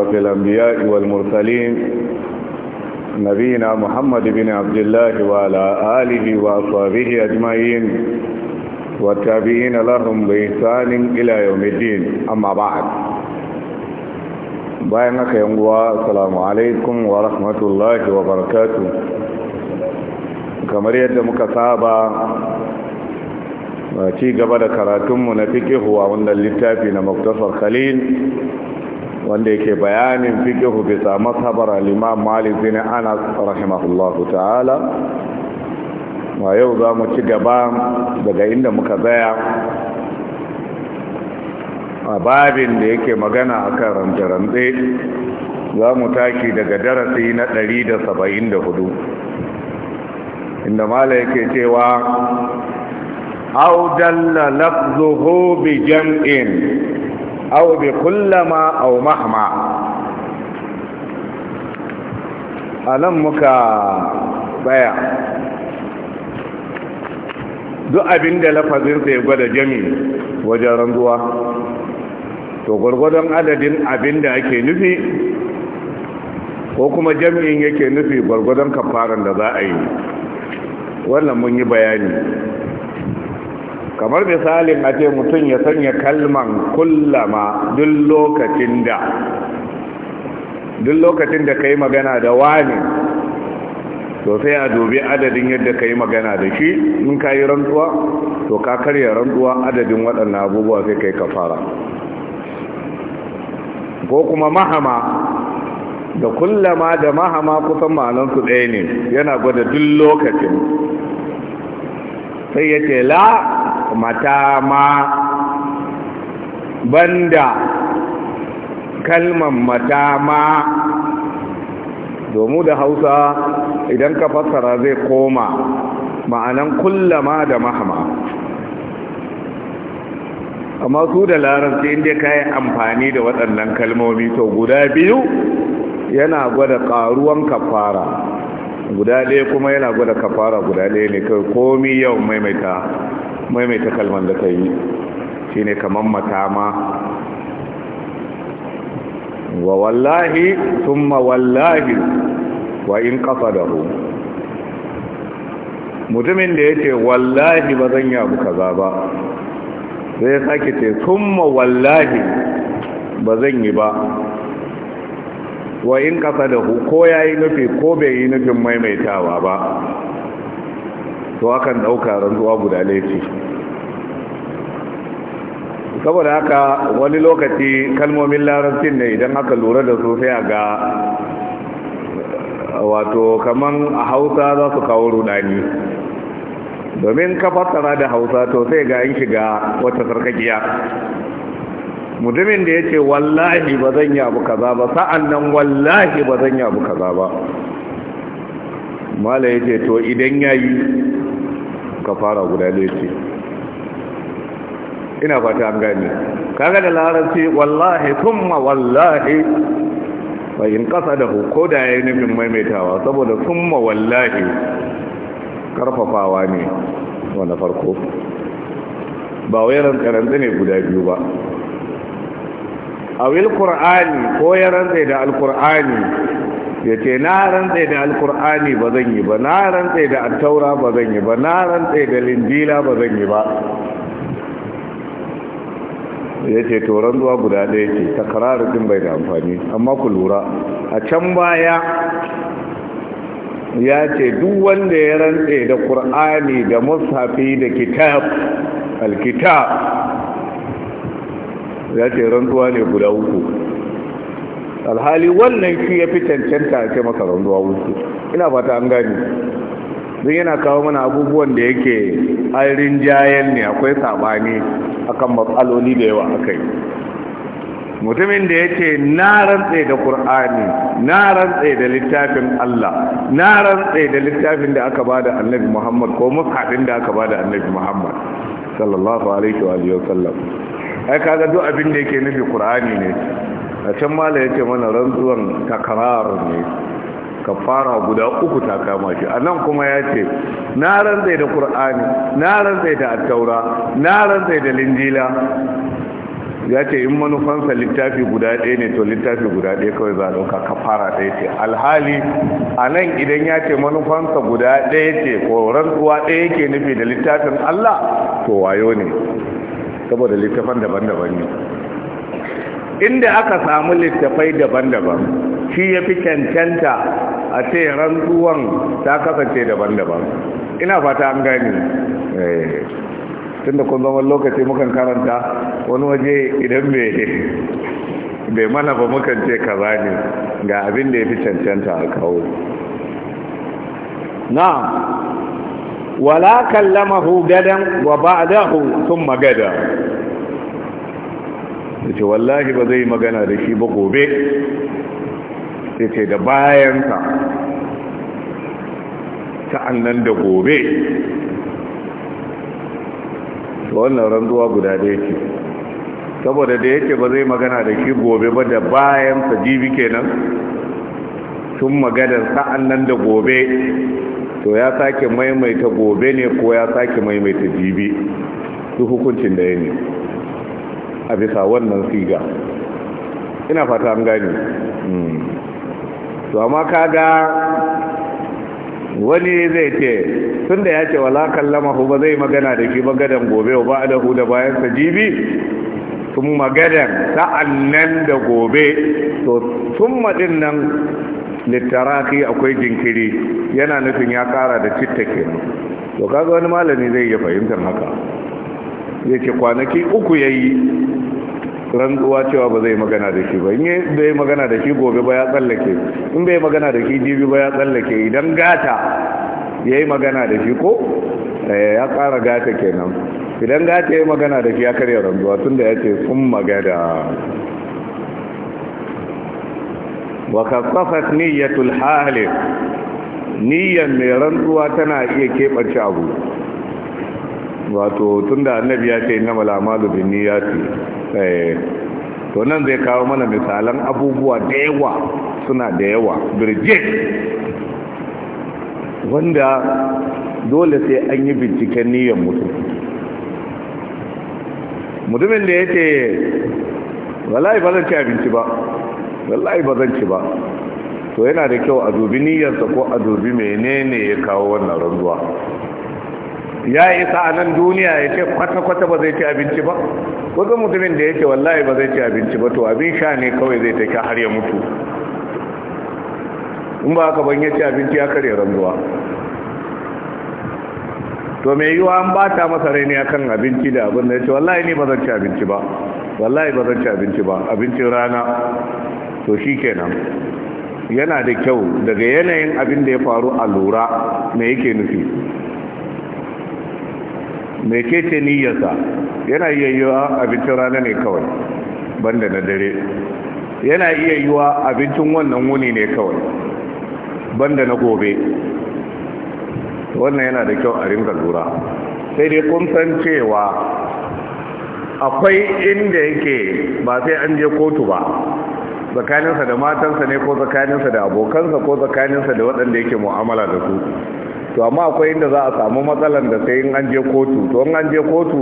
أشرف الأنبياء والمرسلين نبينا محمد بن عبد الله وعلى آله وأصحابه أجمعين والتابعين لهم بإحسان إلى يوم الدين أما بعد بينك يوم السلام عليكم ورحمة الله وبركاته kamar yadda muka saba ci gaba da karatunmu na fikihu a wannan littafi na muktasar khalil wanda yake bayanin fikihu bisa masabar al-imam malik bin anas rahimahullahu ta'ala ma yau za mu ci gaba daga inda muka zaya a babin da yake magana akan rantse zamu za mu taki daga darasi na 174 inda mala yake cewa au dalla lafzuhu bi jam'in aw bi kullama aw mahma anan muka baya duk abin da lafazinsa ya gwada jami wajen ranzuwa to gwargwadon adadin abin da ake nufi ko kuma jami'in yake nufi gwargwadon kafaran da za a yi wannan mun yi bayani kamar misalin a ce mutum ya sanya kalman kullama duk lokacin da duk lokacin da ka yi magana da wani to sai a dubi adadin yadda ka yi magana da shi in ka yi rantsuwa to ka karya rantsuwa adadin waɗannan abubuwa sai ka yi kafara ko kuma mahama da kullama da mahama kusan ma'anansu ɗaya ne yana gwada duk lokacin sai ya ce la mata ma banda kalman mata ma domin da hausa idan ka fassara zai koma ma'anan kullama da mahama amma su da larabci inda ka yi amfani da waɗannan kalmomi to guda biyu yana gwada ƙaruwan kafara guda ɗaya kuma yana gwada kafara guda ɗaya ne kai komi yau maimaita maimaita kalman da ka yi shi ne kamar matama wa wallahi sun ma wallahi wa in kafa da hu mutumin da ya ce wallahi ba zan yabu kaza ba zai sake ce sun ma wallahi ba zan yi ba wa in kafa da hu ko ya yi nufi ko bai yi nufin maimaitawa ba to akan ɗauka rantsuwa guda laifi saboda haka wani lokaci kalmomin larabcin ne idan aka lura da su sai a ga wato kaman a hausa za su kawo runani domin ka fassara da hausa to sai ga an shiga wata sarkakiya mutumin da ya ce wallahi ba zan yi abu kaza ba sa'an nan wallahi ba zan yi abu kaza ba mala ya ce to idan ya yi fara guda ɗaya ce ina fata an gani kaga da larabci wallahi thumma wallahi bayin kasa da ko da ya yi nufin maimaitawa saboda thumma wallahi karfafawa ne wanda farko ba wai ran karanta ne guda biyu ba a wil qur'ani ko ya rantsa da alqur'ani ya ce na rantsa da alkur'ani ba zan yi ba na rantsa da attaura ba zan yi ba na rantsa da linjila ba zan yi ba ya ce toron zuwa guda ɗaya ce takararar din bai da amfani amma ku lura a can baya ya ce duk wanda ya rantse da Kur'ani da mushafi da kitab alkitab ya ce rantsuwa ne guda uku alhali wannan shi ya fi cancanta a ce maka randuwa wuce ina fata an gani don yana kawo mana abubuwan da yake arin jayen ne akwai sabani akan matsaloli da yawa a kai. mutumin da ya ce na rantse da Kur'ani, na rantse da littafin Allah na rantse da littafin da aka ba da annabi Muhammad ko mushafin da aka ba da annabi Muhammad sallallahu alaihi wa sallam ai kaga duk abin da yake nufi Kur'ani ne a can mala ya ce mana rantsuwan takarar ne ka fara guda uku ta kama shi a nan kuma ya ce na rantsai da ƙur'ani na rantsai da attaura na rantsai da linjila ya ce in manufansa littafi guda ɗaya ne to littafi guda ɗaya kawai za a ɗauka ka fara ɗaya ce alhali a nan idan ya ce manufansa guda ɗaya ce ko rantsuwa ɗaya yake nufi da littafin allah to wayo ne saboda littafan daban-daban ne inda aka samu littafai daban-daban shi ya fi cancanta a ce rantsuwan ta kasance daban-daban ina fata an gani eh, tun kun zama lokaci mukan karanta wani waje idan bai mana ba mukan ce ka zane ga abin da ya fi cancanta a kawo na wala hu gadan wa ba'dahu thumma gadan ta ce wallahi ba zai magana da shi ba gobe sai ce da bayansa ta nan da gobe wannan randuwa guda da yake saboda da yake ba zai magana da shi gobe ba da bayansa jibi kenan sun maganar sa'an nan da gobe to ya sake maimaita gobe ne ko ya sake maimaita jibi su hukuncin da ya ne a bisa wannan siga ina fata an gani hmm. to amma kaga wani zai ce tun da ya ce wala kallama ba zai magana da shi magadan gobe ba da hu da bayan sajibi jibi sun magadan nan da gobe to sun maɗin nan littaraki akwai jinkiri yana nufin ya kara da citta ke to kaga wani malami zai iya fahimtar haka zai ce kwanaki uku ya yi rantsuwa cewa ba zai magana da shi ba in zai magana da shi gobe ba ya tsallake in bai magana da shi jibi ba ya tsallake idan gata ya yi magana da shi ko eh, ya ƙara gata kenan idan gata ya yi magana da shi ya karya rantsuwa tun da ya ce sun magana wa kasafat niyyatul hali niyyar mai rantsuwa tana iya keɓance abu wato tun da annabi ya ce na malamalu bin niyyati Eh, to nan zai kawo mana misalan abubuwa da yawa suna da yawa birge. wanda dole sai an yi binciken niyyar mutum mutumin da ya ce wallahi ba zan ci abinci ba wallahi ba zan ci ba to yana da kyau a dubi niyyarsa ko a dubi menene ya kawo wannan ranzuwa ya isa a nan duniya ya ce kwata-kwata ba zai ci abinci ba wajen mutumin da ya ce wallahi ba zai ci abinci ba to abin sha ne kawai zai ta har ya mutu in ba haka ban ya ci abinci ya karya ranzuwa to mai yiwa an ba ta masa rai ne akan abinci da abin da ya ce wallahi ne ba zan ci abinci ba wallahi ba zan ci abinci ba abincin rana to shi kenan yana da kyau daga yanayin abin da ya faru a lura me yake nufi mai kece niyyarsa yana iya yiwa abincin rana ne kawai banda na dare yana iya yiwa abincin wannan wuni ne kawai banda na gobe wannan yana da kyau a ringa lura sai dai kun san cewa akwai inda yake ba sai an je kotu ba tsakaninsa da matansa ne ko tsakaninsa da abokansa ko tsakaninsa da waɗanda yake mu'amala da su to amma akwai inda za a samu matsalan da sai in an je kotu to an je kotu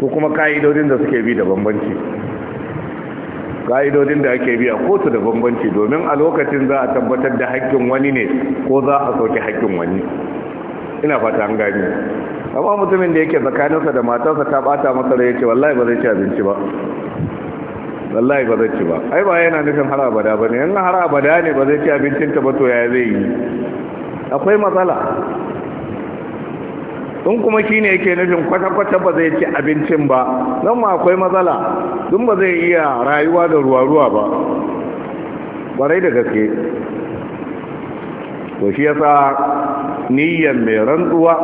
su kuma ka'idodin da suke bi da bambanci ka'idodin da ake bi a kotu da bambanci domin a lokacin za a tabbatar da haƙƙin wani ne ko za a sauke haƙƙin wani ina fata an gani amma mutumin da yake tsakaninsa da matarsa ta bata masa da yake wallahi ba zai ci abinci ba wallahi ba zai ci ba ai ba yana nufin har abada bane in har abada ne ba zai ci abincin ta ba to yaya zai yi akwai matsala in kuma shi ne yake nufin kwata-kwata ba zai ci abincin ba don ma akwai matsala don ba zai iya rayuwa da ruwa-ruwa ba barai da gaske to shi yasa niyyar mai rantsuwa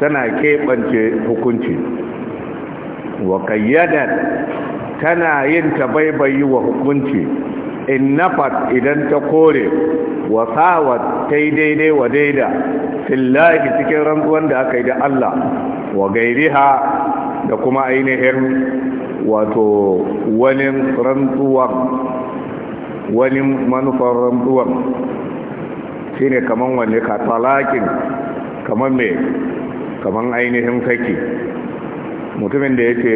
tana keɓance hukunci wa kayyadar tana yin tabaibayi wa hukunci in nafat idan ta kore wasawat ta yi daidai wa daida fillahi cikin rantsuwan da aka yi da Allah wa gairiha da kuma ainihin wato wani rantsuwan wani manufar rantsuwan shi ne kaman wani katalakin kaman mai kaman ainihin saki mutumin da ya ce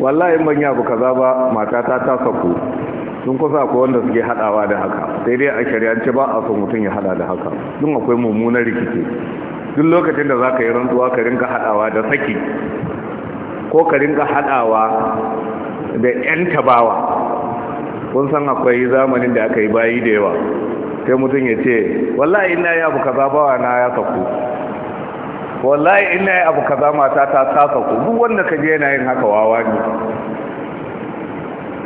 wallahi ban yabu kaza ba matata ta saku sun kusa akwai wanda suke hadawa da haka sai dai a shari'ance ba a so mutum ya hada da haka don akwai mummunar rikici duk lokacin da za ka yi rantsuwa ka rinka hadawa da saki ko ka rinka hadawa da 'yan tabawa kun san akwai zamanin da aka yi bayi da yawa sai mutum ya ce wallahi ina yi abu kaza bawa na ya saku wallahi ina yi abu kaza mata ta ta saku duk wanda ka je yana yin haka wawa ne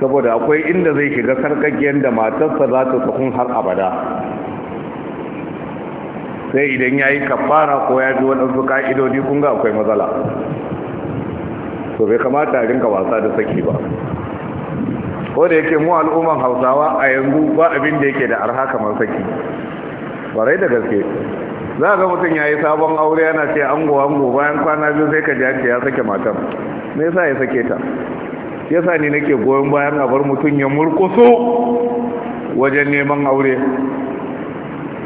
saboda akwai inda zai shiga sarkakiyar da matarsa za ta sukun har abada sai idan ya yi kafara ko ya ji waɗansu ƙa'idodi kun ga akwai matsala to bai kamata a rinka wasa da saki ba ko da yake mu al'umman hausawa a yanzu ba abin da yake da arha kamar saki barai da gaske za a ga mutum ya yi sabon aure yana ce ango gowa bayan kwana biyu sai ka ji ya sake matar me yasa ya sake ta ya sa ne nake goyon bayan a bar mutum ya murkusu wajen neman aure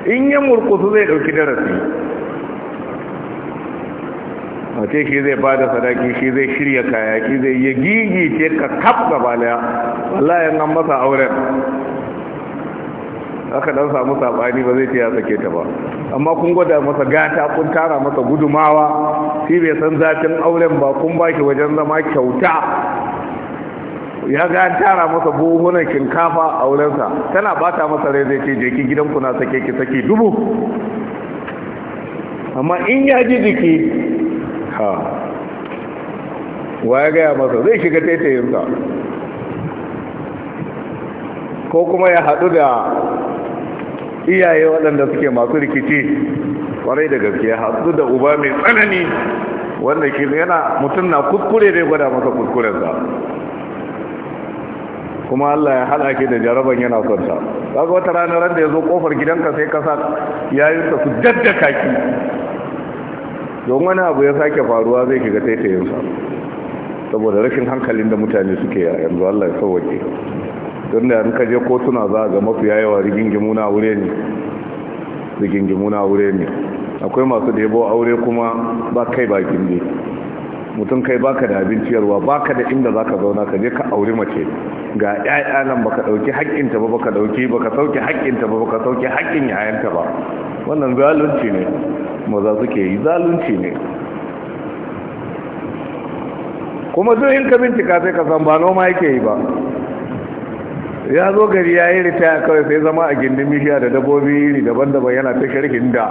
in ya murkusu zai dauki darasi mace shi zai bada sadaki shi zai shirya kaya shi zai gigi gigice ka kaf gaba daya ya an masa auren aka dan samu sabani ba zai ce sake ta ba amma kun gwada masa gata kun tara masa gudumawa shi bai san zafin auren ba kun baki wajen zama kyauta ya ga an tara masa buhunan shinkafa a wurinsa tana bata masa rai zai ce je ki gidanku na sake ki sake dubu amma in ya ji jiki ha wa ya gaya masa zai shiga taitayinsa ko kuma ya haɗu da iyaye waɗanda suke masu rikici kwarai da gaskiya haɗu da uba mai tsanani wanda ke yana mutum na kuskure ne gwada masa kuskurensa kuma Allah ya halake da jaraban yana son ta kaga wata rana ran da yazo kofar gidanka sai ka sa yayin ta su daddaka ki don wani abu ya sake faruwa zai kiga taitayin sa saboda rashin hankalin da mutane suke yanzu Allah ya sauke don da ka je kotuna za ga mafi yayawa rigingimu na aure ne rigingimu aure ne akwai masu da yabo aure kuma ba kai ba gindi mutum kai baka da abinciyarwa baka da inda zaka zauna ka je ka aure mace ga ɗaya nan baka ɗauki haƙƙinta ba baka dauki baka sauke haƙƙinta ba baka sauke haƙƙin yayanta ba wannan zalunci ne maza suke yi zalunci ne kuma zo in ka bincika sai ka san ba noma yake yi ba ya zo gari ya yi ritaya kawai sai zama a gindin mishiya da dabbobi iri daban-daban yana ta shirkin da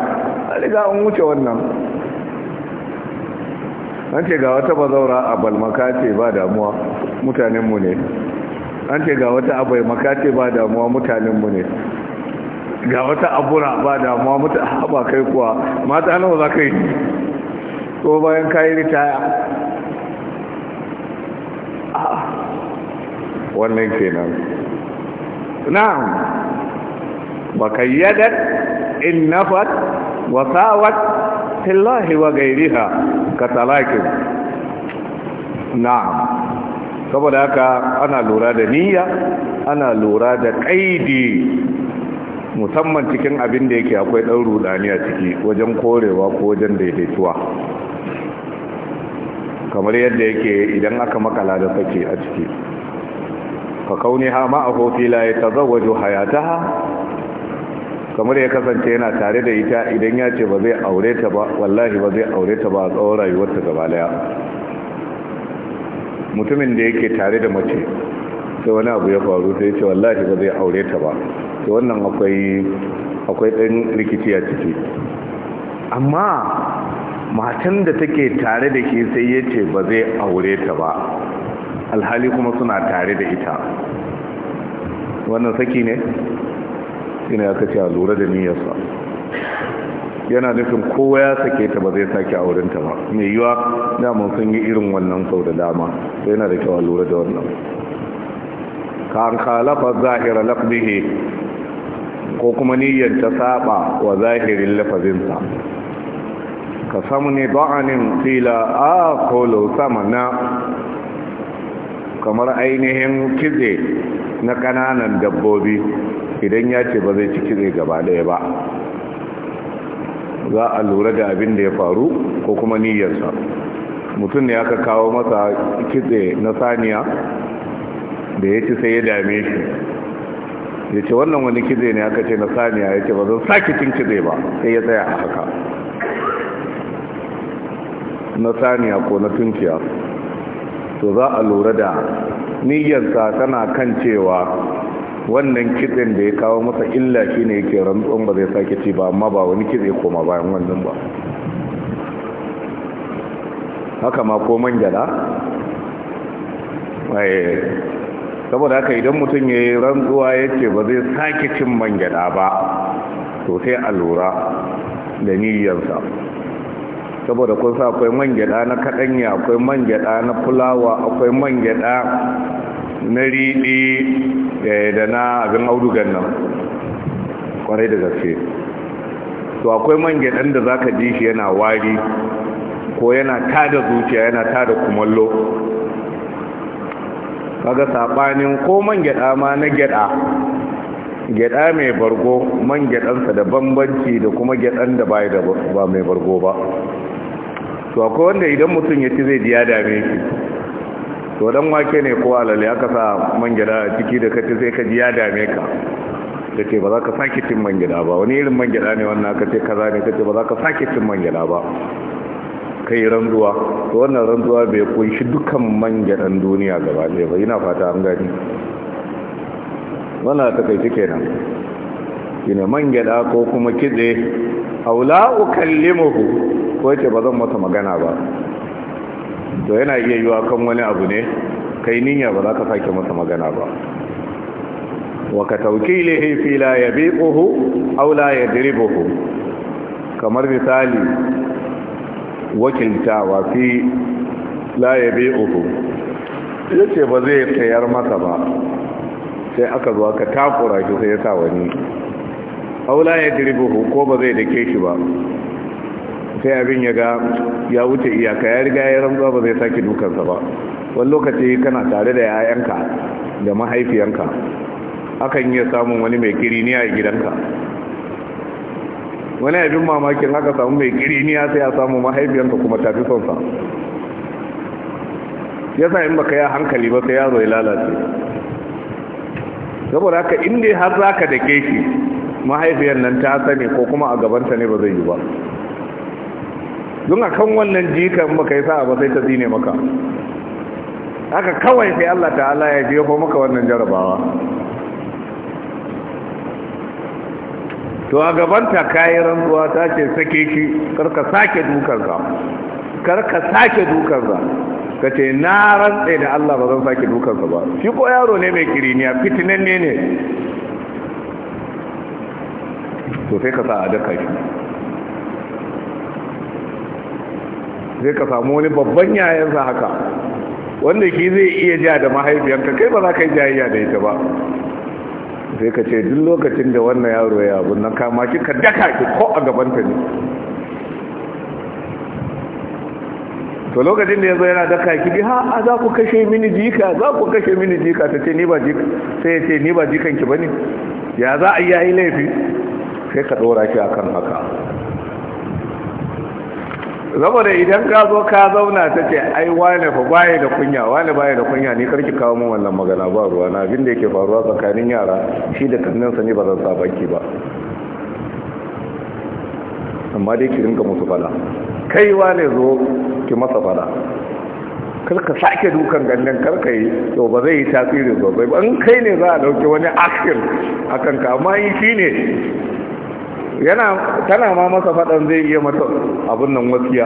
a riga an wuce wannan an ce ga wata bazaura a balmaka ce ba damuwa mutanenmu ne an ce ga wata abai makace ba damuwa mutanenmu ne ga wata abura ba damuwa muta ba kai kuwa mata nawa za ka yi ko bayan kayi ritaya ah, wannan kenan na'am ba kayyadar in nafat wasawat tillahi wa gairiha ka talakin na'am saboda haka ana lura da niyya ana lura da kaidi musamman cikin abin da yake akwai ɗan rudani a ciki wajen korewa ko wajen daidaituwa kamar yadda yake idan aka makala da sake a ciki ka kauni ha ma fila ya tazawwaju hayataha kamar ya kasance yana tare da ita idan ya ce ba zai aure ta ba wallahi ba zai aure ta ba a tsawon rayuwarta gaba daya mutumin da yake tare da mace sai wani abu ya faru sai ce wallahi ba zai aure ta ba to wannan akwai ɗan rikici a ciki amma matan da take tare da shi sai ya ce ba zai aure ta ba alhali kuma suna tare da ita wannan saki ne ina kace a lura da niyyarsa yana nufin kowa ya sake ta ba zai sake aurenta ba mai yiwa daman sun yi irin wannan sau da dama sai yana da kyau lura da wannan ka an khalafa zahira lafzihi ko kuma niyyar ta saba wa zahirin lafazinsa ka samu ne ba'anin fila a kolo sama na kamar ainihin kize na kananan dabbobi idan ya ce ba zai ci kize gaba ɗaya ba za a lura da abin da ya faru ko kuma niyyarsa mutum ne aka kawo masa kitse na saniya da ya ci sai ya dame shi ya ce wannan wani kitse ne aka ce na saniya ya ce ba zan sake cin kitse ba sai ya tsaya a haka na saniya ko na tunkiya to za a lura da niyyarsa tana kan cewa wannan kitsin da ya kawo masa illa shi ne yake rantsuwan ba zai sake ci ba amma ba wani kitsi koma bayan wannan ba haka ma ko manjala saboda haka idan mutum ya yi rantsuwa ya ce ba zai sake cin manjada ba to sai a lura da niyyarsa saboda kun sa akwai manjada na kaɗanya akwai manjada na fulawa akwai manjada na riɗi Eh, da na abin audugan nan kwarai da gaske to akwai man gyaɗan da za ka ji shi yana wari ko yana tada zuciya yana tada kumallo kaga saɓanin ko man gyaɗa ma na gyaɗa gyaɗa mai bargo man gyaɗansa da bambanci da kuma gyaɗan da da ba mai bargo ba to akwai wanda idan mutum ya ci zai ji ya dame shi to dan wake ne ko alale aka sa man gida a ciki da kace sai ka ji ya dame ka kace ba za ka saki cin man gida ba wani irin man gida ne wannan kace kaza ne kace ba za ka saki cin man gida ba kai ranzuwa to wannan ranzuwa bai kunshi dukan man gidan duniya gaba ɗaya ba ina fata an gani wannan ta kai kenan shine man gida ko kuma kitse aula ukallimuhu ko ce ba zan masa magana ba to yana iya yiwa kan wani abu ne kai niyya ba za ka sake masa magana ba wa ka tawkilihi fi la yabiquhu aw la yadribuhu kamar misali wa fi la yabiquhu yace ba zai tsayar masa ba sai aka zo aka takura shi sai ya sa wani aw la yadribuhu ko ba zai dake shi ba sai abin ya ga ya wuce iyaka ya riga ya rantsuwa ba zai sake dukansa ba wani lokaci kana tare da 'ya'yanka da mahaifiyanka akan iya samun wani mai kiriniya a gidanka wani abin mamakin haka samu mai kiriniya sai a samu mahaifiyanka kuma tafi son sa yasa in baka ya hankali ba sai yaro ya lalace saboda haka inda har zaka dake shi mahaifiyar nan ta sani ko kuma a gabanta ne ba zai yi ba don a kan wannan jikan maka yasa ba sai ta zine maka haka kawai sai Allah ta'ala ya jefa maka wannan jarabawa to a gabanta kayi rantsuwa ta ce sake shi karka sake dukansa karka sake dukansa ka ce na rantse da Allah ba zan sake dukansa ba shi ko yaro ne mai kiriniya fitinanne ne to sai ka sa a daka shi sai ka samu wani babban yayansa haka wanda ki zai iya ja da mahaifiyanka kai ba za ka yi jayayya da ita ba sai ka ce duk lokacin da wannan yaro ya abu nan kama ki ka daka ki ko a gabanta ne to lokacin da yanzu yana daka ki ha a za ku kashe mini jika za ku kashe mini jika ta ce ni ba jika sai ya ce ni ba jikan ki bane ya za a yi laifi sai ka dora ki akan haka saboda idan ka zo ka zauna ta ce ai wane fa baya da kunya wane baya da kunya ni karki kawo min wannan magana ba ruwa na abin da yake faruwa tsakanin yara shi da sa ne ba zan sa ki ba amma dai ki rinka musu fada kai wane zo ki masa fada ka sake dukan kar ka yi to ba zai yi tasiri sosai ba in kai ne za a dauki wani akil akan ka amma shi ne yana tana ma masa faɗan zai iya mata abin nan wasiya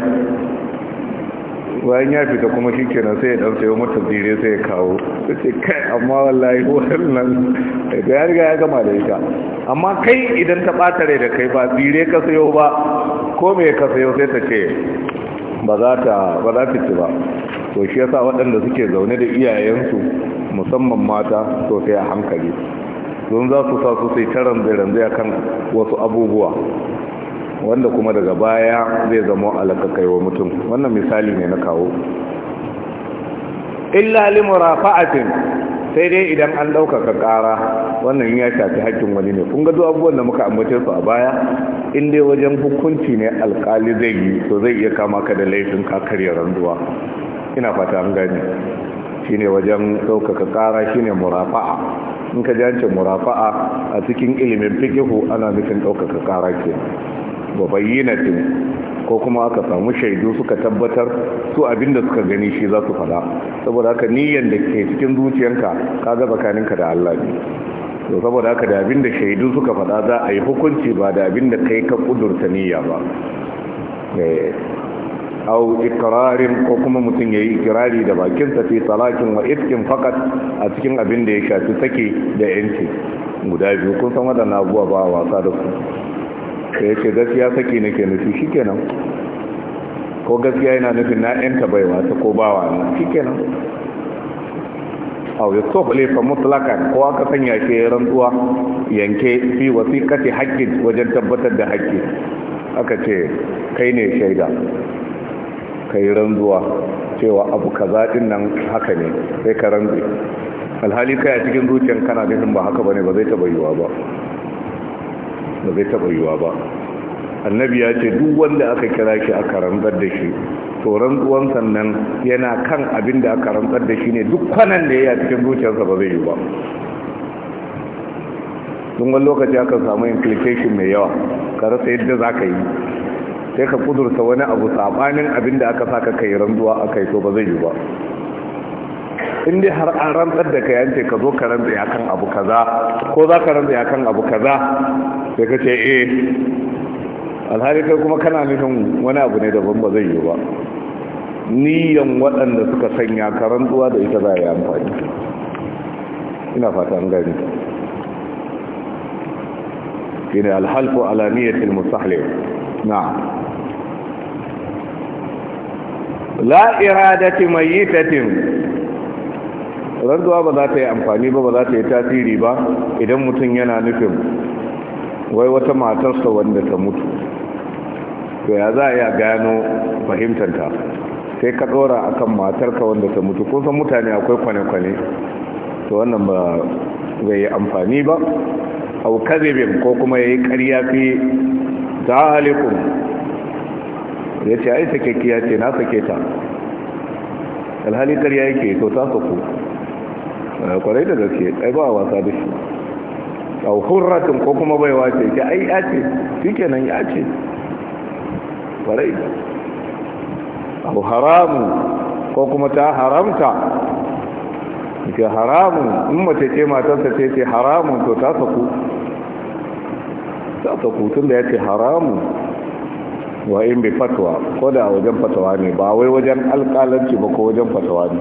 bayan ya fita kuma shi kenan sai ya mata tsire sai ya kawo sai kai amma wallahi wannan da ya riga ya gama da ita amma kai idan ta ɓata rai da kai ba tsire ka sayo ba ko me ka sayo sai ta ce ba za ta ba za ta ci ba to shi yasa waɗanda suke zaune da iyayensu musamman mata to sai a hankali don za su sa su sai ta ranzai a kan wasu abubuwa wanda kuma daga baya zai zama alakakai wa mutum wannan misali ne na kawo illa limura fa'atin sai dai idan an ɗaukaka ƙara wannan ya shafi haƙƙin wani ne kun gado abubuwan da muka ambace su a baya in dai wajen hukunci ne alƙali zai yi to zai iya kama ka da laifin kakar randuwa ina fata an gani shine wajen ɗaukaka ƙara shine murafa'a in ka jance murafa'a a cikin ilimin fikihu ana nufin ɗaukaka ƙara ke ba bayyanatin ko kuma aka samu shaidu suka tabbatar su abinda suka gani shi za su faɗa saboda haka niyyar da ke cikin zuciyanka ka ga ka da Allah ne to saboda haka da abinda shaidu suka fada za a yi hukunci ba da abinda kai ka kudurta niyya ba eh. au ikrarin ko kuma mutum yayi ikirari da bakinsa fi talakin wa itkin fakat a cikin abin da ya shafi sake da yanci guda biyu kun san waɗannan abubuwa ba wasa da su sai ce gaskiya sake nake nufi shikenan ko gaskiya yana nufin na yanta bai wasa, ko ba bawa na shikenan aw yusuf lefa mutlaka ko aka sanya ke rantsuwa yanke fi wasiqati haqqin wajen tabbatar da haƙƙi aka ce kai ne shaida ka yi ranzuwa cewa abu ka zaɗin nan haka ne sai ka ranzu alhali kai a cikin zuciyan kana nufin ba haka ne ba zai taba yiwa ba ba zai taba yiwa ba annabi ya ce duk wanda aka kira shi aka rantsar da shi to rantsuwan sannan yana kan abin da aka rantsar da shi ne duk kwanan da ya yi a cikin zuciyarsa ba zai yi ba Tun wani lokaci aka samu implication mai yawa ka rasa yadda za ka yi sai ka kudurta wani abu sabanin abin da aka saka kai a Kai so ba zai yi ba in dai har an rantsar da kai an ce ka zo ka rantsa ya kan abu kaza ko za ka rantsa ya kan abu kaza sai ka ce eh alhali kai kuma kana nufin wani abu ne daban ba zai yi ba niyan waɗanda suka sanya ka karantuwa da ita za a yi amfani ina fata an gani shi ne alhalfu alaniyatul musahlim na la iradati mayyitatin rantsuwa ba za ta yi amfani ba ba za ta yi tasiri ba idan mutum yana nufin wai wata matarsa wanda ta mutu to ya za a iya gano fahimtanta sai ka tsora akan matarka wanda ta mutu kusan mutane akwai kwane-kwane to wannan ba zai yi amfani ba au ko kuma ya yi karya fi zahalikun ya ce ai sakekki ya ce na sake ta alhali ƙarya yake to ta saku kwarai eh, da gaske ai ba wasa da shi a hurratin ko kuma baiwa ce ke ai ya ce shi kenan ya ce kwarai abu haramu ko kuma ta haramta ke haramu. in mace ce matarsa ce ce haramun to ta saku ta saku tun da ya ce haramun wa in bi fatwa ko da wajen fatawa ne ba wai wajen alƙalanci ba ko wajen fatawa ne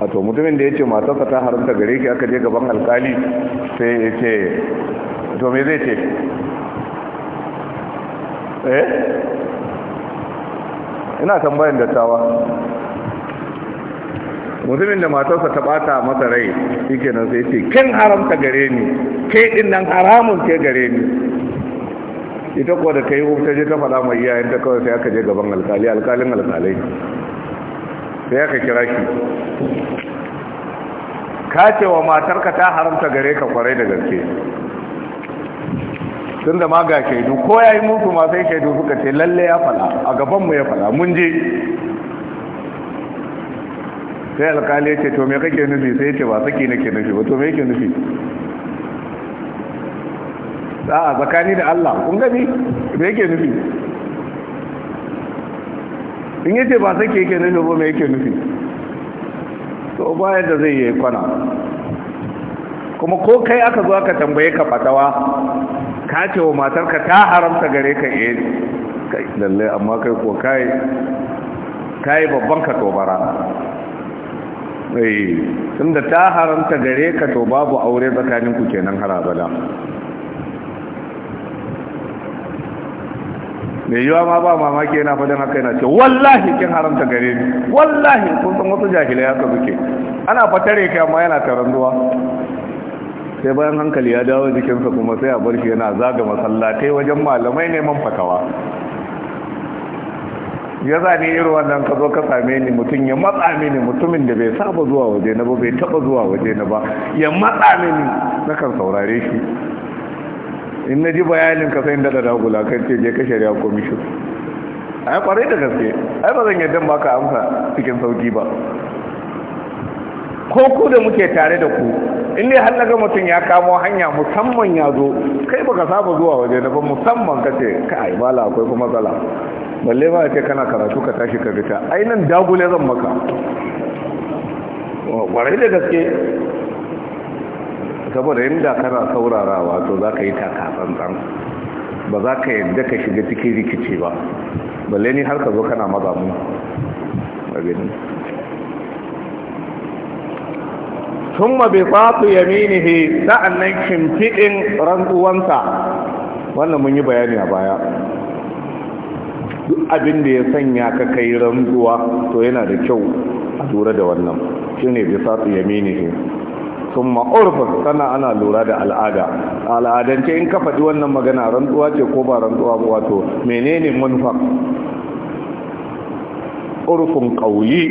wato mutumin da ya ce matarsa ta haramta gare ki aka je gaban alƙali sai ya ce to me zai ce eh ina tambayin dattawa mutumin da matarsa ta bata masa rai shikenan sai ce kin haramta gare ni kai din nan haramun ke gare ni ita kuwa da ta yi ta je ta faɗa mai iyayen ta kawai sai aka je gaban alkali alkalin alkalai sai aka kira shi. ka ce wa matarka ta haramta gare ka kwarai da gaske tun da ma ga shaidu ko ya yi mutu ma sai shaidu suka ce lalle ya faɗa a gabanmu ya faɗa mun je sai alkali ya ce to me kake nufi sai ya ce ba saki nake nufi ba to me yake nufi a tsakani da Allah kun gani da yake nufi in yace ba sake yake nufi ba mai yake nufi to ba da zai yi kwana kuma ko kai aka zo aka tambaye ka fatawa ka ce wa matarka ta haramta gare ka eh kai lalle amma kai ko kai kai babban ka tobara eh tunda ta haramta gare ka to babu aure tsakanin ku kenan harabala mai yiwa ma ba mamaki yana faɗin haka yana ce wallahi kin haramta gare ni wallahi kun san wasu jahilai haka suke ana fatare kai amma yana taranduwa sai bayan hankali ya dawo jikinsa kuma sai a bar shi yana zaga masallatai wajen malamai neman fatawa ya zane irin wannan ka zo ka same ni mutum ya matsa mini mutumin da bai saba zuwa waje na ba bai taba zuwa waje na ba ya matsa mini na kan saurare shi in na ji bayanin ka sai daɗa dagula kan ce je ka shari'a komishin a kwarai da gaske ai ba zan yadda ba ka amsa cikin sauki ba ko ku da muke tare da ku in ne har naga mutum ya kamo hanya musamman ya zo kai baka saba zuwa waje na ba musamman ka ce kai mala akwai kuma matsala balle ba ce kana karatu ka tashi ka fita ainihin nan dagule zan maka kwarai da gaske saboda inda kana saurara to za ka yi taka ba za ka yadda ka shiga cikin rikici ba balle ni har ka zo kana maza mu sun mabe fatu yaminihi sa'annan shimfiɗin rantsuwansa wannan mun yi bayani a baya duk abin da ya sanya ka kai rantsuwa to yana da kyau a tura da wannan shi ne bai fatu yaminihi sun ma'urfin sana ana lura da al'ada al'adance in ka faɗi wannan magana rantsuwa ce ko ba rantsuwa ba wato menene munfar urfin ƙauyi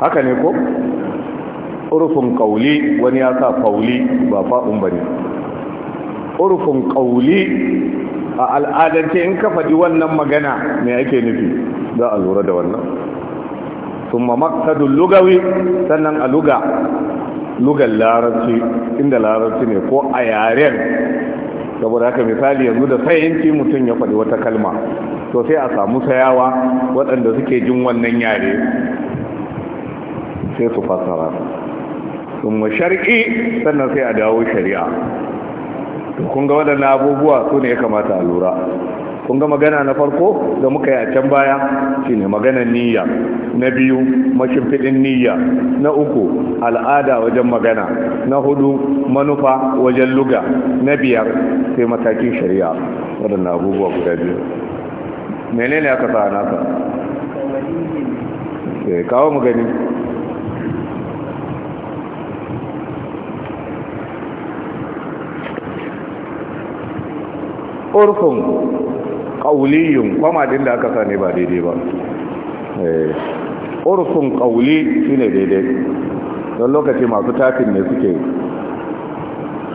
haka ne ko urfin ƙauli wani ya sa fauli ba fa'un ba ne urfin ƙauli a al'adance in ka faɗi wannan magana me ake nufi za a lura da wannan sun mamaksadun lugawi sannan a luga lugar larabci inda larabci ne ko a yaren saboda haka misali yanzu da sayanci mutum ya faɗi wata kalma to sai a samu sayawa waɗanda suke jin wannan yare sai su fasara sun shar'i sannan sai a dawo shari'a kunga kun ga waɗanda abubuwa su ne ya kamata a lura kun ga magana na farko da muka yi a can baya shine maganar niyya na biyu mashimfiɗin niyya na uku al'ada wajen magana na hudu manufa wajen luga na biyar sai matakin shari'a waɗanda abubuwa guda biyu menene aka sa nasa eh, kawo mu gani urfin ƙauliyun kwamadin da aka sani ba daidai ba eh, urfin ƙauli shi ne daidai don lokaci masu tafin ne suke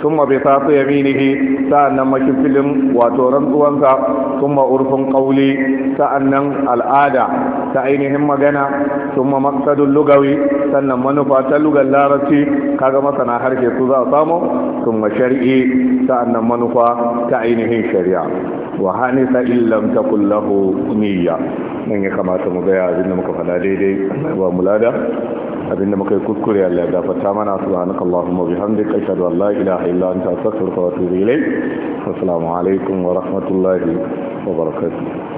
sun mafi sasu ya minihi sa'annan makifilin wato rantsuwansa sun ma'urfin urfin ƙauli sa'annan al'ada ta ainihin magana sun ma lugawi sannan manufa ta lugar larabci kaga masana harshe su za a samu sun ma shari'i sa'annan manufa ta ainihin shari'a wa hanisa illam takul lahu niyya nan ya kamata mu ga abin da muka fada daidai wa mulada abinda muka yi kuskure Allah ya gafarta mana subhanaka allahumma bihamdika ashhadu an la ilaha illa anta astaghfiruka wa atubu ilayk assalamu alaikum wa rahmatullahi wa barakatuh